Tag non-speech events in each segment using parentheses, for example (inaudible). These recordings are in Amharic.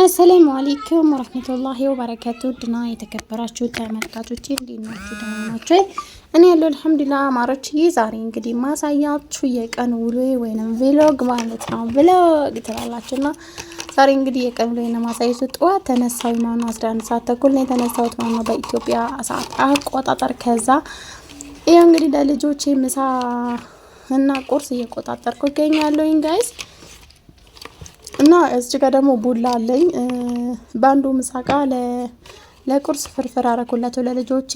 አሰላሙ አሌይኩም ወረህመቱላሂ ወበረካቱ ድና የተከበራችሁ ተመልካቾች እንዴት ናችሁ? ደህና ናችሁ? እኔ ያለው አልሐምዱሊላህ አማሮች። ይህ ዛሬ እንግዲህ ማሳያችሁ የቀን ውሎ ወይም ቪሎግ ማለት ነው። ቪሎግ ትላላችሁና ዛሬ እንግዲህ የቀን ውሎ ማሳየቱ ጠዋት ተነሳዊ ማኑ 11 ሰዓት ተኩል ነው የተነሳሁት ማኑ በኢትዮጵያ ሰዓት አቆጣጠር። ከዛ ይህ እንግዲህ ለልጆቼ ምሳ እና ቁርስ እየቆጣጠርኩ ይገኛለሁ ጋይስ እና እዚህ ጋር ደግሞ ቡላ አለኝ። በአንዱ ምሳ እቃ ለቁርስ ፍርፍር አረኩላቸው ለልጆቼ፣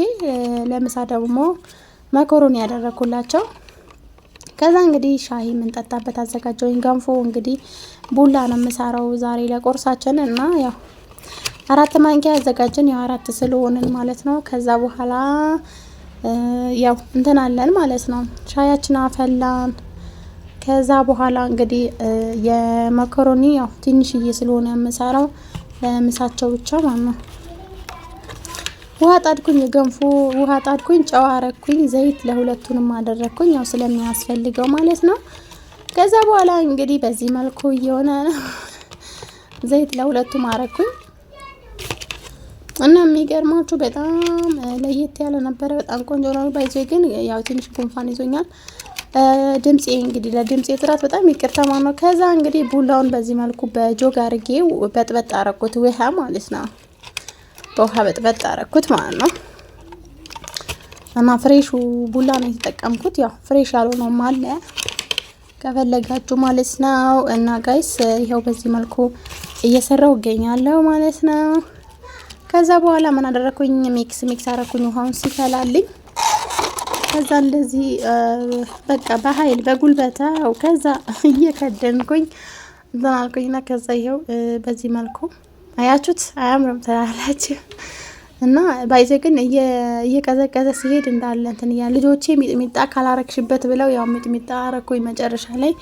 ለምሳ ደግሞ መኮሮኒ ያደረኩላቸው። ከዛ እንግዲህ ሻሂ የምንጠጣበት አዘጋጀውኝ። ገንፎ እንግዲህ ቡላ ነው የምሰራው ዛሬ ለቁርሳችን እና ያው አራት ማንኪያ ያዘጋጀን ያው አራት ስለሆንን ማለት ነው። ከዛ በኋላ ያው እንትን ማለት ነው። ሻያችን አፈላን ከዛ በኋላ እንግዲህ የመኮሮኒ ያው ትንሽዬ ስለሆነ የምሰራው ለምሳቸው ብቻ ማለት ነው። ውሃ ጣድኩኝ፣ ገንፎ ውሃ ጣድኩኝ፣ ጨው አረኩኝ፣ ዘይት ለሁለቱንም አደረግኩኝ፣ ያው ስለሚያስፈልገው ማለት ነው። ከዛ በኋላ እንግዲህ በዚህ መልኩ እየሆነ ነው። (laughs) ዘይት ለሁለቱም አረኩኝ እና የሚገርማችሁ በጣም ለየት ያለ ነበረ። በጣም ቆንጆ ነው። ባይዞ ግን ያው ትንሽ ጉንፋን ይዞኛል ድምፄ እንግዲህ ለድምፄ ጥራት በጣም ይቅርታ ማለት ነው። ከዛ እንግዲህ ቡላውን በዚህ መልኩ በጆግ አርጌ በጥበጥ አረኩት፣ ውሃ ማለት ነው። በውሃ በጥበጥ አረኩት ማለት ነው። እና ፍሬሹ ቡላ ነው የተጠቀምኩት። ያው ፍሬሽ ያልሆነውም አለ ከፈለጋችሁ ማለት ነው። እና ጋይስ ይኸው በዚህ መልኩ እየሰራው እገኛለሁ ማለት ነው። ከዛ በኋላ ምን አደረኩኝ? ሚክስ ሚክስ አረኩኝ ውሃውን ሲፈላልኝ ከዛ እንደዚህ በቃ በኃይል ው ከዛ እየከደንኩኝ እንትን አልኩኝና ከዛ ይኸው በዚህ መልኩ አያችሁት፣ አያምርም ትላላችሁ እና ባይዘ ግን እየቀዘቀዘ ሲሄድ እንዳለ እንትን እያ ልጆቼ ሚጥሚጣ ካላረግሽበት ብለው ያው ሚጥሚጣ አረኩኝ መጨረሻ ላይ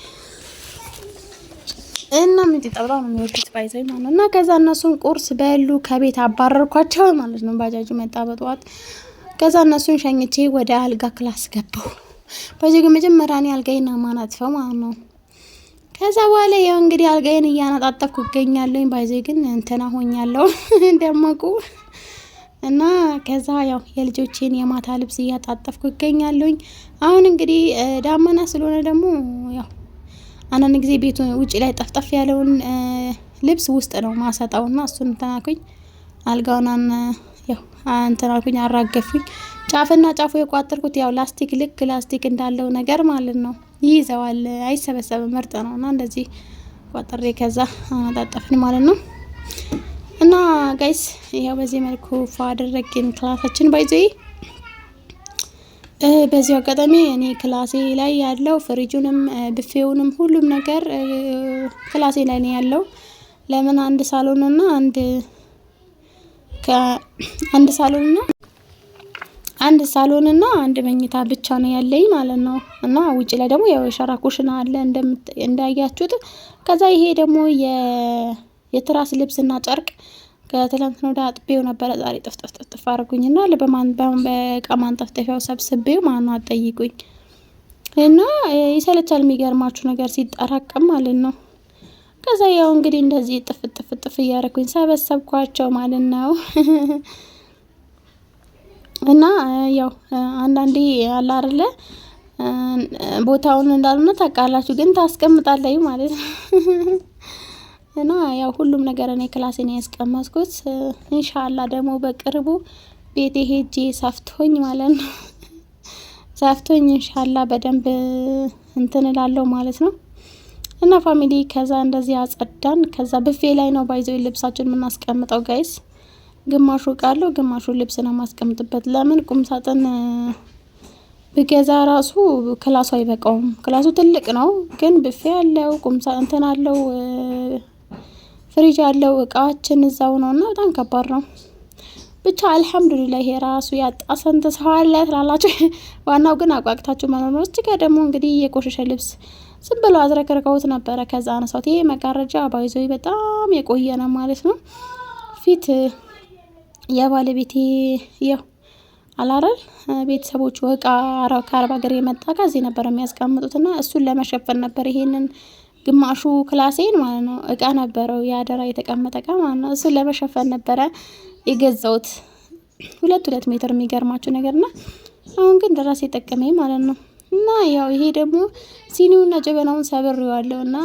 እና ሚጥሚጣ ብላ ነው የሚወዱት ባይዘ ማለት ነው። እና ከዛ እነሱን ቁርስ በሉ ከቤት አባረርኳቸው ማለት ነው። ባጃጁ መጣ በጠዋት ከዛ እነሱን ሸኝቼ ወደ አልጋ ክላስ ገባሁ። በዚህ ግን መጀመሪያ እኔ አልጋዬን ማናጥፈው ማለት ነው። ከዛ በኋላ ያው እንግዲህ አልጋዬን እያነጣጠፍኩ እገኛለሁኝ። ባይዜ ግን እንትና ሆኛለሁ (laughs) እንደማቁ እና ከዛ ያው የልጆቼን የማታ ልብስ እያጣጠፍኩ ይገኛለሁኝ። አሁን እንግዲህ ዳመና ስለሆነ ደግሞ ያው አንዳንድ ጊዜ ቤቱ ውጭ ላይ ጠፍጠፍ ያለውን ልብስ ውስጥ ነው ማሰጠው ማሰጣውና እሱን ተናኩኝ አልጋውናን ያው እንትን አራገፉኝ። ጫፍና ጫፉ የቋጠርኩት ያው ላስቲክ ልክ ላስቲክ እንዳለው ነገር ማለት ነው። ይይዘዋል፣ አይሰበሰብም። ምርጥ ነው እና እንደዚህ ቋጠሬ ከዛ አጣጠፍን ማለት ነው። እና ጋይስ ይኸው በዚህ መልኩ ፋ አደረግን ክላሳችን ባይዘ በዚሁ አጋጣሚ እኔ ክላሴ ላይ ያለው ፍሪጁንም ብፌውንም ሁሉም ነገር ክላሴ ላይ ነው ያለው። ለምን አንድ ሳሎንና አንድ ከአንድ ሳሎን እና አንድ ሳሎን እና አንድ መኝታ ብቻ ነው ያለኝ ማለት ነው። እና ውጭ ላይ ደግሞ ያው የሸራ ኩሽና አለ እንዳያችሁት። ከዛ ይሄ ደግሞ የትራስ ልብስና ጨርቅ ነው ወደ አጥቤው ነበረ። ዛሬ ጥፍጥፍ ጥፍጥፍ አድርጉኝና በእቃ ማንጠፍጠፊያው ሰብስቤው ማን አጠይቁኝ እና ይሰለቻል። የሚገርማችሁ ነገር ሲጠራቀም ማለት ነው። ከዛ ያው እንግዲህ እንደዚህ ጥፍ ጥፍ ጥፍ እያደረኩኝ ሰበሰብኳቸው ማለት ነው። (laughs) እና ያው አንዳንዴ አለ አይደለ ቦታውን እንዳልሆነ ታውቃላችሁ፣ ግን ታስቀምጣለህ ማለት ነው። (laughs) እና ያው ሁሉም ነገር እኔ ክላሴን ያስቀመጥኩት። ኢንሻአላ ደግሞ በቅርቡ ቤቴ ሄጄ ሳፍቶኝ ማለት ነው ሳፍቶኝ (laughs) ኢንሻአላ በደንብ እንትን እላለሁ ማለት ነው። እና ፋሚሊ ከዛ እንደዚህ አጸዳን። ከዛ ብፌ ላይ ነው ባይዘው ልብሳችን የምናስቀምጠው ጋይስ። ግማሹ እቃለሁ ግማሹ ልብስ ነው የማስቀምጥበት። ለምን ቁም ሳጥን ብገዛ ራሱ ክላሱ አይበቃውም። ክላሱ ትልቅ ነው፣ ግን ብፌ አለው፣ ቁም እንትን አለው፣ ፍሪጅ አለው፣ እቃችን እዛው ነው እና በጣም ከባድ ነው። ብቻ አልሐምዱሊላ ይሄ ራሱ ያጣሰንት ሰው አለ ትላላችሁ። (laughs) ዋናው ግን አቋቅታችሁ መኖር ነው። እስቲ ጋር ደግሞ እንግዲህ የቆሸሸ ልብስ ዝም ብለው አዝረክርከውት ነበረ። ከዛ አነሳት። ይሄ መጋረጃ ባይዞ በጣም የቆየ ነው ማለት ነው። ፊት የባለቤቴ ያው አላረል ቤተሰቦቹ እቃ ከአረብ ሀገር የመጣ ከዚህ ነበር የሚያስቀምጡትና እሱን ለመሸፈን ነበር ይሄንን ግማሹ ክላሴን ማለት ነው እቃ ነበረው የአደራ የተቀመጠ እቃ ማለት ነው። እሱን ለመሸፈን ነበረ የገዛውት ሁለት ሁለት ሜትር የሚገርማችሁ ነገርና አሁን ግን ድረስ የጠቀመኝ ማለት ነው። እና ያው ይሄ ደግሞ ሲኒውና ጀበናውን ሰብሬዋለሁ እና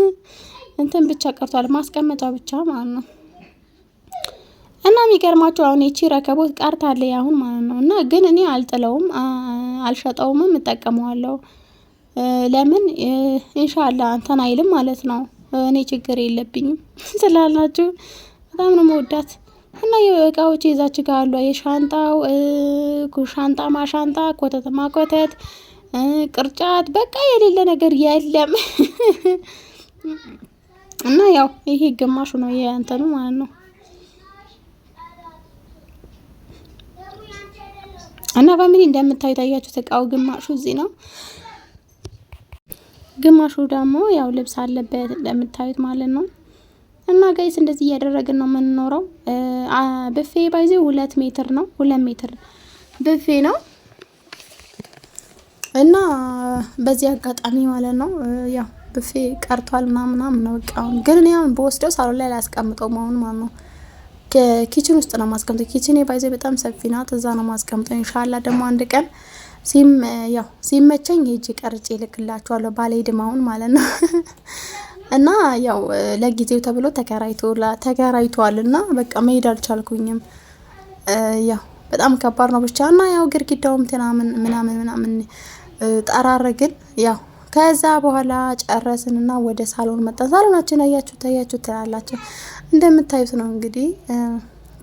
(laughs) እንትን ብቻ ቀርቷል ማስቀመጫ ብቻ ማለት ነው። እና የሚገርማቸው አሁን ይቺ ረከቦት ቀርታለች አሁን ማለት ነው። እና ግን እኔ አልጥለውም፣ አልሸጠውምም እጠቀመዋለሁ። ለምን ኢንሻላ እንትን አይልም ማለት ነው። እኔ ችግር የለብኝም (laughs) ስላላችሁ በጣም ነው መወዳት እና የእቃዎች የዛች ጋር አሉ የሻንጣው ሻንጣ ማሻንጣ ኮተት ማኮተት ቅርጫት፣ በቃ የሌለ ነገር የለም። (laughs) እና ያው ይሄ ግማሹ ነው የእንተኑ ማለት ነው። እና ፋሚሊ እንደምታዩት አያችሁት እቃው ግማሹ እዚህ ነው፣ ግማሹ ደግሞ ያው ልብስ አለበት እንደምታዩት ማለት ነው። እና ጋይስ እንደዚህ እያደረግን ነው የምንኖረው። ብፌ ባይዜ ሁለት ሜትር ነው፣ ሁለት ሜትር ብፌ ነው። እና በዚህ አጋጣሚ ማለት ነው ያው ብፌ ቀርቷል ምናምናም ነው በቃ ግን እኔ አሁን በወስደው ሳሎን ላይ ላያስቀምጠው መሆኑ ማለት ነው ኪችን ውስጥ ነው ማስቀምጠው። ኪችን ባይዘ በጣም ሰፊ ናት፣ እዛ ነው ማስቀምጠው። እንሻላ ደግሞ አንድ ቀን ያው ሲመቸኝ ሄጅ ቀርጬ ልክላችኋለሁ። ባልሄድም አሁን ማለት ነው (laughs) እና ያው ለጊዜው ተብሎ ተከራይቷል እና በቃ መሄድ አልቻልኩኝም። ያው በጣም ከባድ ነው ብቻ እና ያው ግድግዳውም ምናምን ምናምን ምናምን ጠራር ግን ያው ከዛ በኋላ ጨረስንና ወደ ሳሎን መጣን። ሳሎናችን አያችሁ ታያችሁ ትላላችሁ። እንደምታዩት ነው እንግዲህ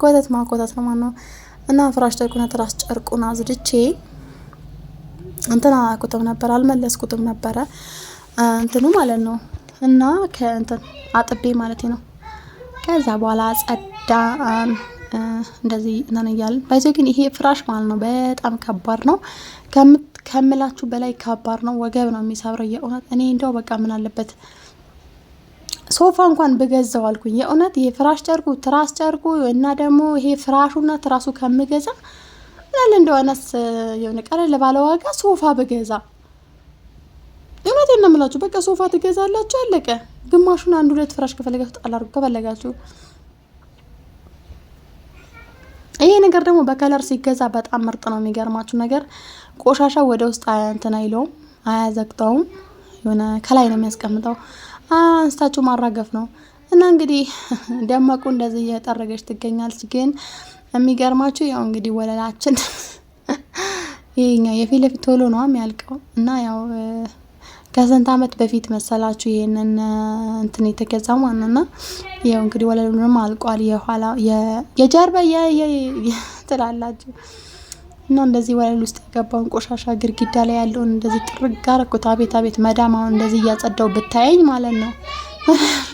ኮተት ማኮተት ነው ማነው እና ፍራሽ ጨርቁና ትራስ ጨርቁን አዝድቼ እንትን አላኩትም ነበር አልመለስኩትም ነበረ እንትኑ ማለት ነው እና ከእንትን አጥቤ ማለት ነው። ከዛ በኋላ ጸዳ እንደዚህ እንትን እያልን ባይዘ ግን ይሄ ፍራሽ ማለት ነው በጣም ከባድ ነው ከምት ከምላችሁ በላይ ከባድ ነው። ወገብ ነው የሚሰብረው የእውነት እኔ እንደው በቃ ምን አለበት ሶፋ እንኳን ብገዛው አልኩኝ። የእውነት ይሄ ፍራሽ ጨርቁ፣ ትራስ ጨርቁ እና ደግሞ ይሄ ፍራሹና ትራሱ ከምገዛ ምናል እንደሆነስ የሆነ ቀለል ባለ ዋጋ ሶፋ ብገዛ እውነት ነው በቃ ሶፋ ትገዛላችሁ አለቀ። ግማሹን አንድ ሁለት ፍራሽ ከፈለጋችሁ ጣል አድርጉ ከፈለጋችሁ ይሄ ነገር ደግሞ በከለር ሲገዛ በጣም ምርጥ ነው። የሚገርማችሁ ነገር ቆሻሻ ወደ ውስጥ እንትን አይለውም፣ አያዘግተውም። የሆነ ከላይ ነው የሚያስቀምጠው። አንስታችሁ ማራገፍ ነው እና እንግዲህ (laughs) ደመቁ እንደዚህ እየጠረገች ትገኛለች። ግን የሚገርማችሁ ያው እንግዲህ ወለላችን (laughs) ይሄኛው የፊት ለፊት ቶሎ ነው የሚያልቀው እና ያው ከስንት አመት በፊት መሰላችሁ ይሄንን እንትን የተገዛ ማንና ያው እንግዲህ ወለሉንም አልቋል። የኋላ የጀርባ ትላላችሁ እና እንደዚህ ወለል ውስጥ የገባውን ቆሻሻ ግድግዳ ላይ ያለውን እንደዚህ ጥርግ አረኩት። አቤት አቤት መዳም አሁን እንደዚህ እያጸዳው ብታየኝ ማለት ነው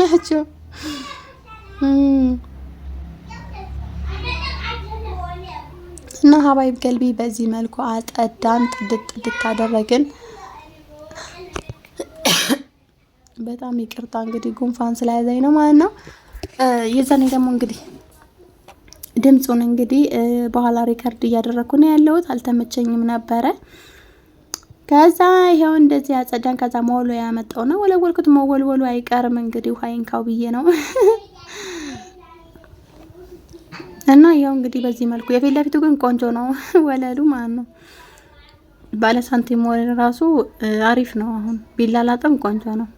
ናቸው እና ሀባይብ ገልቢ በዚህ መልኩ አጠዳን ጥድት ጥድት አደረግን። በጣም ይቅርታ እንግዲህ ጉንፋን ስለያዘኝ ነው ማለት ነው። የዛኔ ደግሞ እንግዲህ ድምፁን እንግዲህ በኋላ ሪከርድ እያደረግኩ ነው ያለሁት። አልተመቸኝም ነበረ። ከዛ ይኸው እንደዚህ አጸዳን። ከዛ መወሎ ያመጣው ነው ወለወልኩት። መወልወሉ አይቀርም እንግዲህ ውሃ ይንካው ብዬ ነው እና ይኸው እንግዲህ በዚህ መልኩ የፊት ለፊቱ ግን ቆንጆ ነው ወለሉ ማለት ነው። ባለ ሳንቲም ወለል ራሱ አሪፍ ነው። አሁን ቢላላጥም ቆንጆ ነው።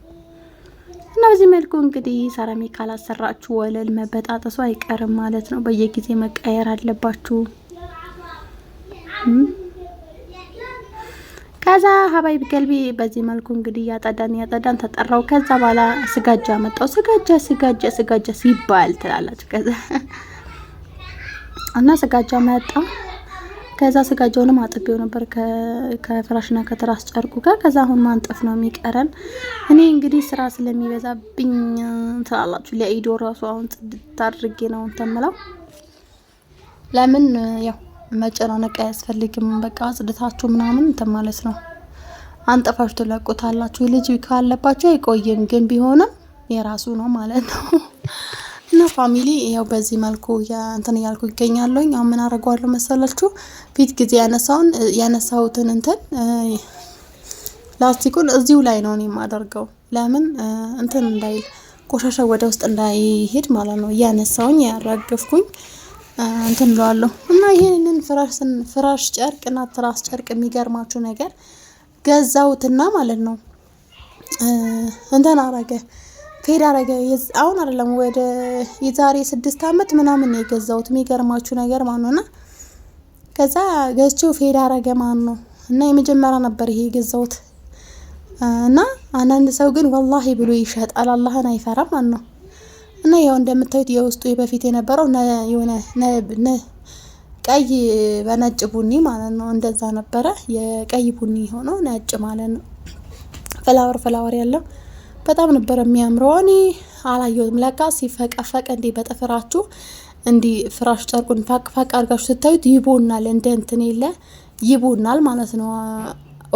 እና በዚህ መልኩ እንግዲህ ሰራሚክ ካላሰራችሁ ወለል መበጣጠሱ አይቀርም ማለት ነው። በየጊዜ መቀየር አለባችሁ። ከዛ ሀባይብ ገልቢ በዚህ መልኩ እንግዲህ ያጠዳን እያጠዳን ተጠራው። ከዛ በኋላ ስጋጃ መጣው። ስጋጃ ስጋጃ ስጋጃ ሲባል ትላላችሁ። ከዛ እና ስጋጃ መጣ። ከዛ ስጋጃውንም አጥቤው ነበር ከፍራሽና ከትራስ ጨርቁ ጋር። ከዛ አሁን ማንጠፍ ነው የሚቀረን። እኔ እንግዲህ ስራ ስለሚበዛብኝ ትላላችሁ ለኢዶ ራሱ አሁን ጽድት አድርጌ ነው ተምለው። ለምን ያው መጨናነቅ አያስፈልግም። በቃ ጽድታችሁ ምናምን እንትን ማለት ነው። አንጠፋችሁ ትለቁታላችሁ። ልጅ ካለባቸው አይቆይም፣ ግን ቢሆንም የራሱ ነው ማለት ነው። እና ፋሚሊ ያው በዚህ መልኩ እንትን እያልኩ ይገኛለኝ። አሁን ምን አደርገዋለሁ መሰላችሁ? ፊት ጊዜ ያነሳውን ያነሳሁትን እንትን ላስቲኩን እዚሁ ላይ ነው የማደርገው። ለምን እንትን እንዳይል ቆሻሻ ወደ ውስጥ እንዳይሄድ ማለት ነው። እያነሳውኝ ያራገፍኩኝ እንትን እለዋለሁ እና ይህንን ፍራሽ ጨርቅ እና ትራስ ጨርቅ የሚገርማችሁ ነገር ገዛውትና ማለት ነው እንትን አረገ ፌድ አረገ። አሁን አይደለም ወደ የዛሬ ስድስት አመት ምናምን የገዛውት የገዛሁት። የሚገርማችሁ ነገር ማን ነውና ከዛ ገዝቼው ፌድ አረገ ማን ነው እና የመጀመሪያ ነበር ይሄ የገዛሁት እና አንዳንድ ሰው ግን ወላሂ ብሎ ይሸጣል፣ አላህን አይፈራም ማን ነው እና ያው እንደምታዩት የውስጡ በፊት የነበረው የሆነ ቀይ በነጭ ቡኒ ማለት ነው። እንደዛ ነበረ የቀይ ቡኒ ሆኖ ነጭ ማለት ነው። ፍላወር ፍላወር ያለው በጣም ነበር የሚያምረው። እኔ አላየሁትም ለካ ሲፈቀፈቅ እንዲህ በጥፍራችሁ እንዲህ ፍራሽ ጨርቁን ፋቅፋቅ አድርጋችሁ ስታዩት ይቦናል፣ እንደ እንትን የለ ይቦናል ማለት ነው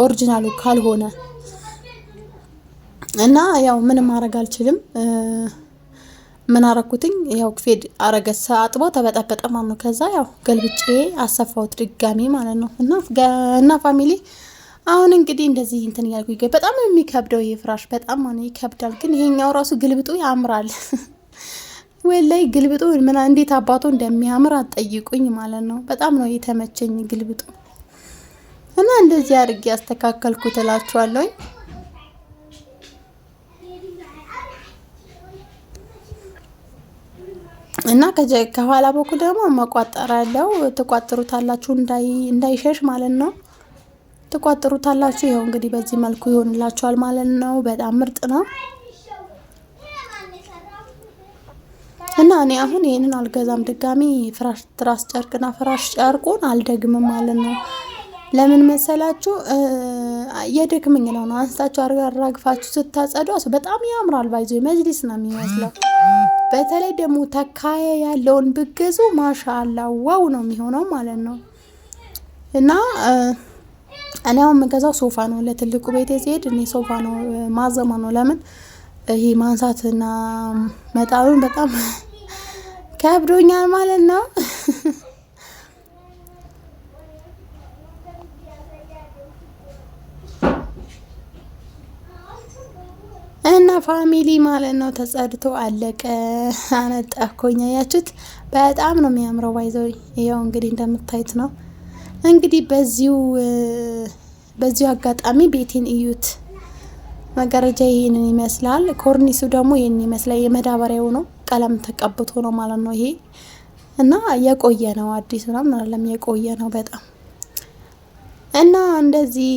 ኦሪጂናሉ ካልሆነ እና ያው ምንም ማድረግ አልችልም። ምን አረኩትኝ ያው ክፌድ አረገ አጥቦ ተበጠበጠ ማለት ነው። ከዛ ያው ገልብጬ አሰፋሁት ድጋሜ ማለት ነው እና እና ፋሚሊ አሁን እንግዲህ እንደዚህ እንትን እያልኩ ይገ በጣም የሚከብደው ይህ ፍራሽ በጣም ነው ይከብዳል። ግን ይሄኛው ራሱ ግልብጡ ያምራል። (laughs) ላይ ግልብጡ ምና እንዴት አባቶ እንደሚያምር አጠይቁኝ ማለት ነው። በጣም ነው የተመቸኝ ግልብጡ እና እንደዚህ አድርጌ ያስተካከልኩ ትላችኋለኝ። እና ከኋላ በኩል ደግሞ መቋጠር ያለው ትቋጥሩታላችሁ እንዳይሸሽ ማለት ነው። ትቋጥሩታላችሁ። ይኸው እንግዲህ በዚህ መልኩ ይሆንላችኋል ማለት ነው። በጣም ምርጥ ነው እና እኔ አሁን ይህንን አልገዛም። ድጋሚ ፍራሽ ትራስ ጨርቅና ፍራሽ ጨርቁን አልደግምም ማለት ነው። ለምን መሰላችሁ? የደግምኝ ነው ነው አንስታችሁ አራግፋችሁ ስታጸዱ በጣም ያምራል። ባይዞ መጅሊስ ነው የሚመስለው። በተለይ ደግሞ ተካየ ያለውን ብገዙ ማሻ አላ ዋው ነው የሚሆነው ማለት ነው እና እኔ አሁን የምገዛው ሶፋ ነው። ለትልቁ ቤቴ ሲሄድ እኔ ሶፋ ነው ማዘማ ነው። ለምን ይሄ ማንሳትና መጣሉን በጣም ከብዶኛል ማለት ነው። እና ፋሚሊ ማለት ነው ተጸድቶ አለቀ። አነጠፍኩኝ። አያችሁት? በጣም ነው የሚያምረው። ባይዘው ይኸው እንግዲህ እንደምታዩት ነው። እንግዲህ በዚሁ በዚሁ አጋጣሚ ቤቴን እዩት። መጋረጃ ይሄንን ይመስላል። ኮርኒሱ ደግሞ ይህን ይመስላል። የመዳበሪያው ነው ቀለም ተቀብቶ ነው ማለት ነው ይሄ እና የቆየ ነው። አዲስ ምናምን ምናለም የቆየ ነው በጣም እና እንደዚህ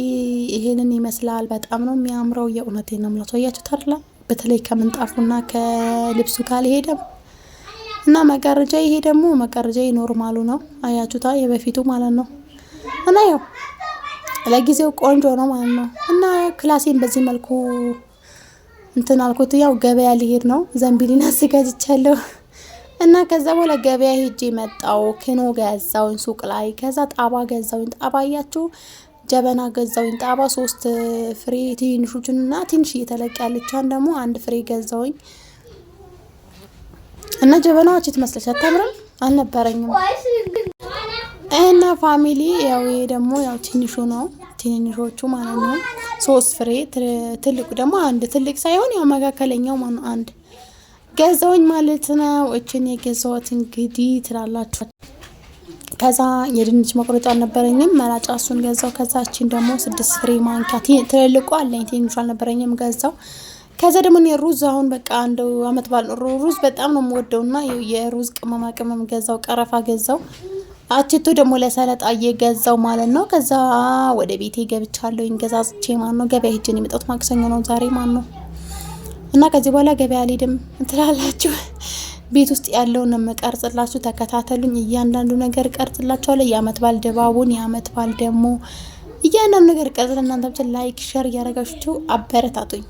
ይሄንን ይመስላል። በጣም ነው የሚያምረው። የእውነቴ ነው የምላቸው እያችሁት አይደለም። በተለይ ከምንጣፉና ከልብሱ ይሄደም እና መጋረጃ ይሄ ደግሞ መጋረጃ ኖርማሉ ነው። አያችሁታ የበፊቱ ማለት ነው። እና ያው ለጊዜው ቆንጆ ነው ማለት ነው። እና ክላሴን በዚህ መልኩ እንትን አልኩት። ያው ገበያ ሊሄድ ነው ዘንቢሊን አዘጋጅቻለሁ። እና ከዛ በኋላ ገበያ ሄጄ መጣው። ክኖ ገዛውኝ ሱቅ ላይ። ከዛ ጣባ ገዛውኝ። ጣባ እያችሁ ጀበና ገዛውኝ። ጣባ ሶስት ፍሬ ትንሾችን እና ትንሽ እየተለቅ ያለችን ደግሞ አንድ ፍሬ ገዛውኝ። እና ጀበናዎች ትመስለች አታምርም? አልነበረኝም እና ፋሚሊ ያው ይሄ ደግሞ ያው ትንሹ ነው። ትንንሾቹ ማለት ነው ሶስት ፍሬ፣ ትልቁ ደግሞ አንድ። ትልቅ ሳይሆን ያው መካከለኛው ማ አንድ ገዛውኝ ማለት ነው። እችን የገዛሁት እንግዲህ ትላላችሁ። ከዛ የድንች መቁረጫ አልነበረኝም መላጫ፣ እሱን ገዛው። ከዛ እችን ደግሞ ስድስት ፍሬ ማንኪያ፣ ትልልቁ አለኝ፣ ትንሹ አልነበረኝም ገዛው። ከዛ ደግሞ የሩዝ አሁን በቃ አንድ አመት ባል ሩዝ በጣም ነው የምወደውና የሩዝ ቅመማ ቅመም ገዛው፣ ቀረፋ ገዛው አችቶ ደግሞ ለሰለጣ እየገዛው ማለት ነው። ከዛ ወደ ቤቴ ገብቻለሁ። ገዛዝቼ ማለት ነው። ገበያ ሄጄ ነው የመጣሁት። ማክሰኞ ነው ዛሬ ማለት ነው። እና ከዚህ በኋላ ገበያ አልሄድም እንትላላችሁ። ቤት ውስጥ ያለውን የምቀርጽላችሁ ተከታተሉኝ። እያንዳንዱ ነገር ቀርጽላችኋለሁ። የአመት ባል ድባቡን፣ የአመት ባል ደግሞ እያንዳንዱ ነገር ቀርጽ ለእናንተ ብቻ ላይክ ሸር እያረጋችሁ አበረታቱኝ።